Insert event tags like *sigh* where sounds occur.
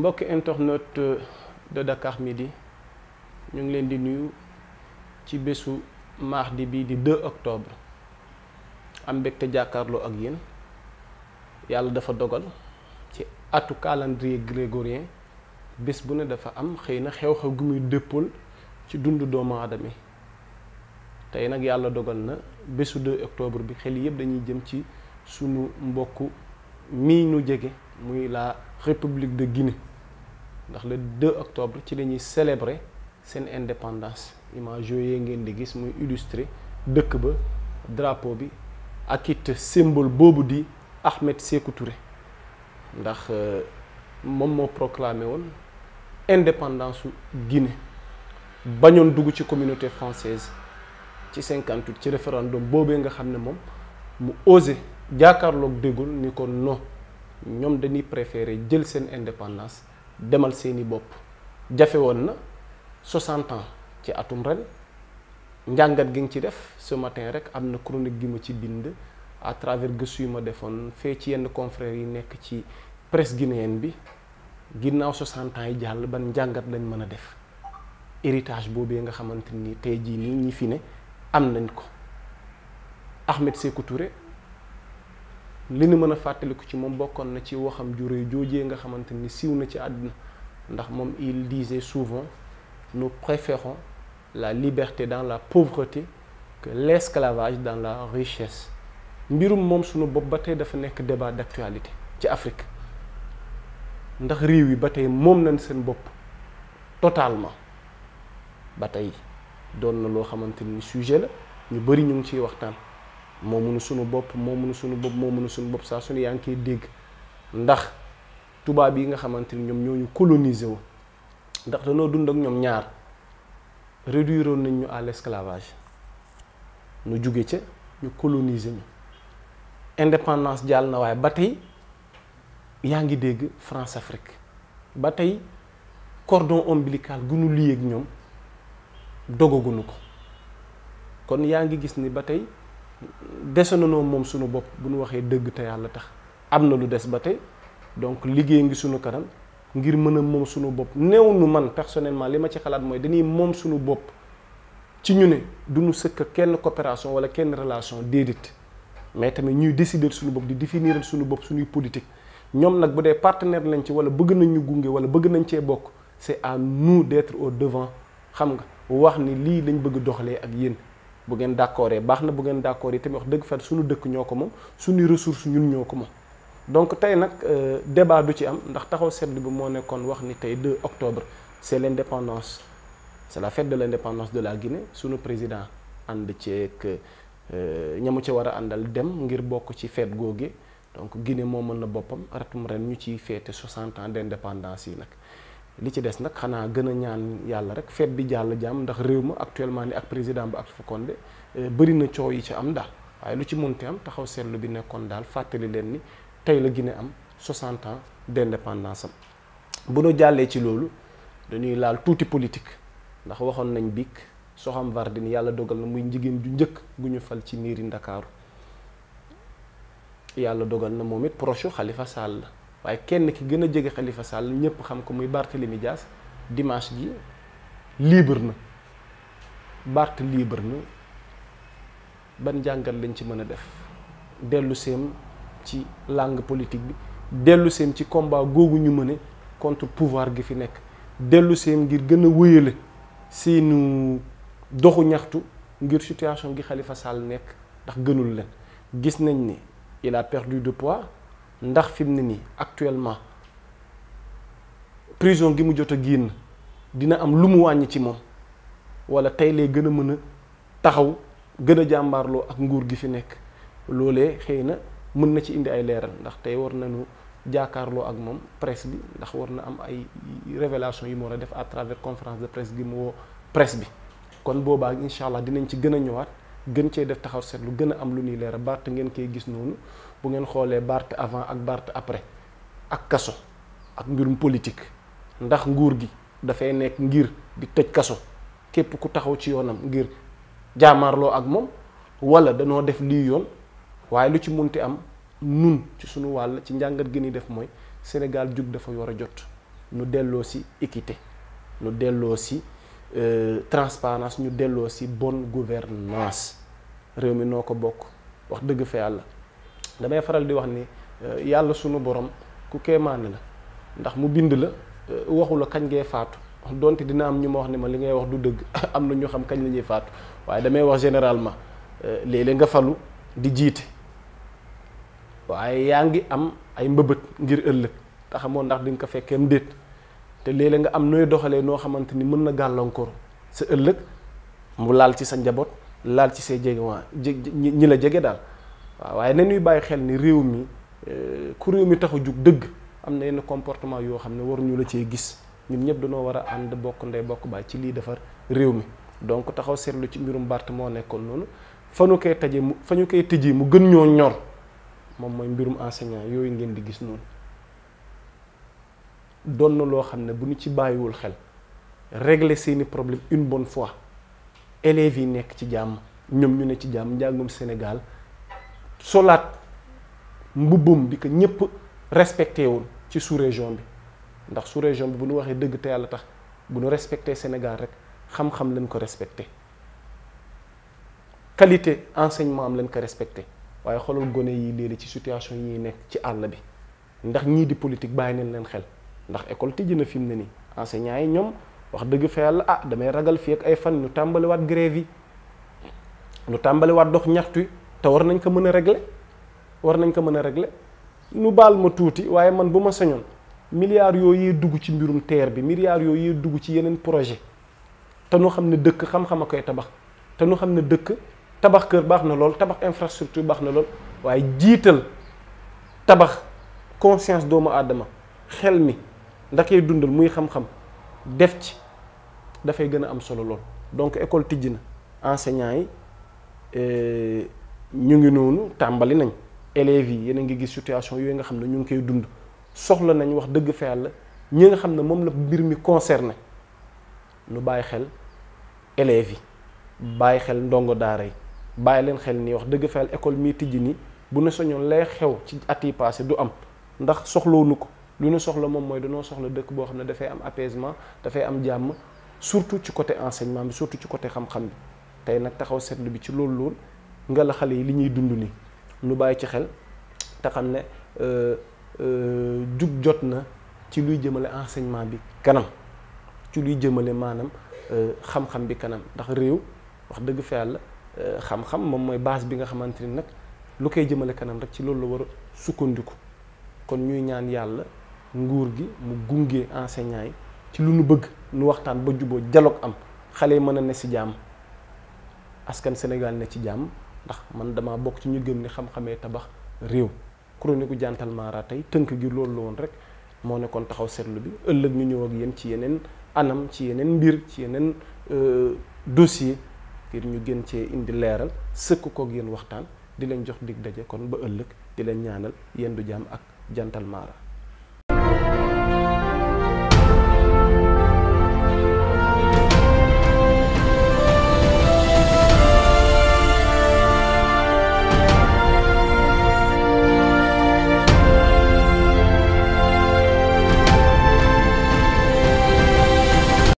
mbokki internet euh, de mi di ñu ngi leen di nuyu ci bésu di bi di 2 octobre am mbégte jàkkaarloo ak yéen yàlla dafa dogal ci atu calendrier grégorien bés bu ne dafa am xëy na xew-xew gu muy dëppool ci dundu doomu aadama yi tey nag yàlla dogal na bésu 2 octobre bi xel yëpp dañuy jëm ci sunu mbokk mii nu jege muy la République de Guinée ndax le octobre ci la ñuy célébrer seen indépendance image yooyu ngeen di gis muy illustrer dëkk ba drapeau bi ak it symbole boobu di Ahmed Sékou Touré ndax euh, moom moo proclamé woon indépendance su Guinée bañoon dugg ci communauté française ci 58 ci référendum boobee nga xam ne moom mu osé jàkkaarloog déggul ni ko non ñoom dañuy préférer jël seen indépendance demal seeni bopp jafe woon na 60 ans ci atum ren njàngat gi nga ci def ce matin rek am na cronique gi ma ci bind à travers gëstu yu ma defoon fee ci yenn confrères yi nekk ci presse guinéenne bi ginnaaw 60 ans yi jàll ban njàngat lañ mën a def héritage boobee nga xamante ni tey jii nii ñi fi ne am nañ ko Ahmed Sékou li nu mën a fàttaliku ci moom bokkoon na ci waxam ju rëy joojee nga xamante ni siiw na ci àdduna ndax moom il disait souvent nous préférons la liberté dans la pauvreté que l'esclavage dans la richesse mbirum moom sunu bopp ba tey dafa nekk débat d'actualité ci Afrique ndax réew yi ba tey moom nañ seen bopp totalement ba tey doon na loo xamante ni sujet la ñu bari ñu ngi ciy waxtaan moo mënu sunu bopp moo mënu sunu bopp moo mënu sunu bopp saa sunu yaa ngi koy dégg ndax tubaab yi nga xamante ni ñoom ñoo ñu coloniser wu ndax danoo dund ak ñoom ñaar réduiroon nañ ñu à l'esclavage nu jóge ca ñu coloniser ñu indépendance jàll na waaye ba tey yaa ngi dégg France Afrique ba tey cordon ombilical gu nu ñoom dogaguñu ko kon yaa ngi gis ni ba tey. dese nanoo moom suñu bopp bu ñu waxee dëgg te yàlla tax am na lu des ba tey donc liggéey ngi suñu kanam ngir mën a moom suñu bopp néew nu man personnellement li ma ci xalaat mooy dañuy moom suñu bopp ci ñu ne du ñu sëkk kenn coopération wala kenn relation déedéet mais tamit ñuy décider suñu bopp di définir suñu bopp suñuy politique ñoom nag bu dee partenaire lañ ci wala bëgg nañ ñu gunge wala bëgg nañ cee bokk c'est à nous d'être au devant xam nga wax ni lii lañ bëgg doxalee ak yéen bu ngeen d'accordee baax na bu ngeen d'accord yi tamit wax dëgg fa suñu dëkk ñoo ko moom suñu ressource ñun ñoo ko moom donc tey nag euh, débat du ci am ndax taxaw seetlu bi moo nekkoon wax ni tey 2 octobre c'est l'indépendance c'est la fête de l'indépendance de la Guinée suñu président ànd ceeg euh, ñamu ci war a àndal dem ngir bokk ci fête googu donc Guinée moo mën na boppam atum ren ñu ciy féete 60 ans d'indépendance yi nag li ci des nag xanaa gën a ñaan yàlla rek feet bi jàll jàmm ndax réew ma actuellement ni ak président ba ak fa Condé na coow yi ci am daal waaye lu ci munte am taxaw seetlu bi nekkoon daal fàttali leen ni tey la Guinée am 60 ans d'indépendance am bu nu jàllee ci loolu dañuy laal tuuti politique ndax waxoon nañ biig Soham Wardini yàlla dogal na muy njigéen ju njëkk gu ñu fal ci miiri Ndakaaru yàlla dogal na moom it proche xalifa Sall la waaye kenn ki gën a jege xalifa Sall ñëpp xam ko muy barte Barthélemy Dias dimanche ji libre na barte libre na ban jàngat lañ ci mën a def dellu seem ci langue politique bi dellu seem ci combat googu ñu mëne contre pouvoir gi fi nekk dellu seem ngir gën a wéyale seenu doxu ñaxtu ngir situation gi xalifa Sall nekk ndax gënul leen gis nañ ni il a perdu de poids ndax fi mu ne nii actuellement prison gi mu jot a génn dina am lu mu wàññi ci moom wala tey lay gën a mën a taxaw gën a jàmbaarloo ak nguur gi fi nekk loolee xëy na mën na ci indi ay leeral ndax tey war nañu jaakaarloo ak moom press bi ndax war na am ay révélation yi mu war a def à travers conférence de presse gi mu woo presse bi kon boobaa incha allah dinañ ci gën a ñëwaat gën cee def taxaw seetlu gën a am lu ñuy leer Barth ngeen koy gis noonu bu ngeen xoolee barte avant ak barte après ak kaso ak mbirum politique ndax nguur gi dafay nekk ngir di tëj kaso képp ku taxaw ci yoonam ngir jaamaarloo ak moom wala danoo def lii yoon waaye lu ci munti am nun ci suñu wàll ci njàngat gi ni def mooy Sénégal jug dafa war a jot nu delloo si équité nu delloo si euh, transparence ñu delloo si bonne gouvernance réew mi noo ko bokk wax dëgg fa yàlla damay faral di wax ni euh, yàlla sunu borom ku kéemaane la ndax mu bind la euh, waxula kañ ngee faatu donte dina am ñu ma wax ni ma li ngay wax du dëgg *laughs* am na ñu xam kañ lañuy ñuy faatu waaye damay wax généralement euh, léeg-léeg nga falu di jiite waaye yaa ngi am ay mbëbët ngir ëllëg te ndax dinga ko fekkeem déet te léeg nga am nooy doxalee noo xamante ni mën na gàllankoor sa ëllëg mu laal ci sa njaboot laal ci say jege waa ñi la jege daal waaw waaye na ñuy bàyyi xel ni réew mi euh, ku réew mi tax a jug dëgg am na yenn comportement yoo xam ne waruñu la cee gis ñun ñëpp dañoo war a ànd bokk ndey bokk ci lii defar réew mi donc taxaw seetlu ci mbirum Barth moo nekkoon noonu fa ñu koy tëjee mu fa ñu koy tëjee mu gën ñoo ñor moom mooy mbirum enseignant yooyu ngeen di gis noonu doon na loo xam ne bu ñu ci bàyyiwul xel régler seeni problème une bonne fois élèves yi nekk ci jàmm ñoom ñu ne ci jàmm njàngum Sénégal solaat mbubbum bi ko ñëpp respecté woon ci sous-région bi ndax sous-région bi bu ñu waxee dëgg te yàlla tax bu ñu respecté Sénégal rek xam-xam lañ ko respecté qualité enseignement am lañ ko respecté waaye xoolal gone yi léeg ci situation yi nekk ci àll bi ndax ñii di politique bàyyi nañ leen xel ndax école tijji na fi mu ne nii enseignants yi ñoom. wax dëgg fa yàlla ah damay ragal fii ak ay fan nu tàmbaliwaat grève yi ñu tàmbaliwaat dox ñaxtu te war nañ ko mën a régler war nañ ko mën a régler nu baal ma tuuti waaye man bu ma sañoon milliards yooyu dugg ci mbirum TER bi milliards yooyu dugg ci yeneen projet te nu xam ne dëkk xam-xam a koy tabax te nu xam ne dëkk tabax kër baax na lool tabax infrastructure baax na lool waaye jiital tabax conscience doomu aadama xel mi ndakay dundal muy xam def ci dafay gën a am solo lool donc école tijji na enseignants yi eh, ñu ngi noonu tàmbali nañ élèves yi yéen a ngi gis situation yooyu nga xam ne ñu ngi koy dund soxla nañ wax dëgg fa yàlla ñi nga xam ne moom la mbir mi concerné nu bàyyi xel élèves yi bàyyi xel ndongo daara yi bàyyi leen xel nii wax dëgg fa yàlla école mii tijji nii bu ne soñoon lay xew ci at yi du am ndax soxloonu ko lu ñu soxla moom mooy danoo soxla dëkk boo xam ne dafay am apaisement dafay am jàmm surtout ci côté enseignement bi surtout ci côté xam-xam bi tey nag taxaw seetlu bi ci loolu lool nga la xale yi li ñuy dund nii lu bàyyi ci xel te xam ne euh, euh, jug jot na ci luy jëmale enseignement bi kanam ci luy jëmale maanaam euh, xam-xam bi kanam ndax réew wax dëgg fa yàlla xam-xam moom mooy base bi nga xamante ni nag lu koy jëmale kanam rek ci loolu la war sukkandiku kon nguur gi mu gunge enseignants yi ci lu nu bëgg nu waxtaan ba juboo dialogue am xale yi mën a ne si jàmm askan Sénégal ne ci jàmm ndax man dama bokk ci ñu gëm ni xam-xamee tabax réew chronique jantal maara tey tënk gi loolu la woon rek moo nekkoon taxaw seetlu bi ëllëg ñu ñëw ak yéen ci yeneen anam ci yeneen mbir ci yeneen euh, dossier ngir ñu gën cee indi leeral sëkk kook yéen waxtaan di leen jox dig daje kon ba ëllëg di leen ñaanal du jàmm ak jantal